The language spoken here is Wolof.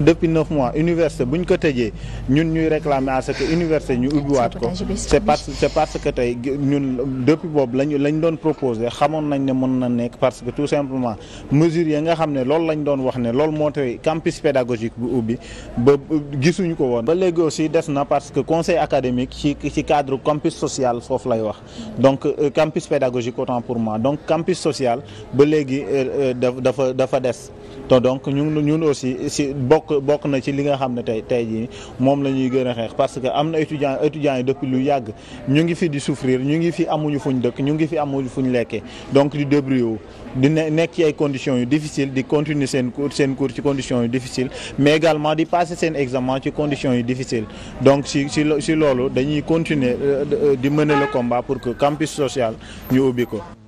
depuis neuf mois université bu ñu ko tëjee ñun ñuy réclamer à ce université ñu ubbiwaat ko c'est parce que tey depuis boobu lañu lañ doon proposer xamoon nañ ne mën na nekk parce que tout simplement mesures yi nga xam ne loolu lañ doon wax ne loolu moo tey campus pédagogique bu ubbi ba gisuñu ko woon ba léegi aussi des na parce que conseil académique ci ci cadre campus social foofu lay wax donc euh, campus pédagogique autant pour moi donc campus social ba léegi euh, euh, dafa dafa des bokk bokk na ci li nga xam ne tey tey jii moom la ñuy gën a xeex parce que am na étudiant étudiants yi depuis lu yàgg ñu ngi fi di souffrir ñu ngi fi amuñu fu ñu dëkk ñu ngi fi amuñu ñu lekkee donc di débrouiller di nekk ci ay conditions yu difficile di continuer seen cours seen cours ci conditions yu difficile mais également di passer seen examen ci conditions yu difficile donc si si si loolu dañuy continuer euh, euh, di mener la combat pour que campus social ñu ubbi ko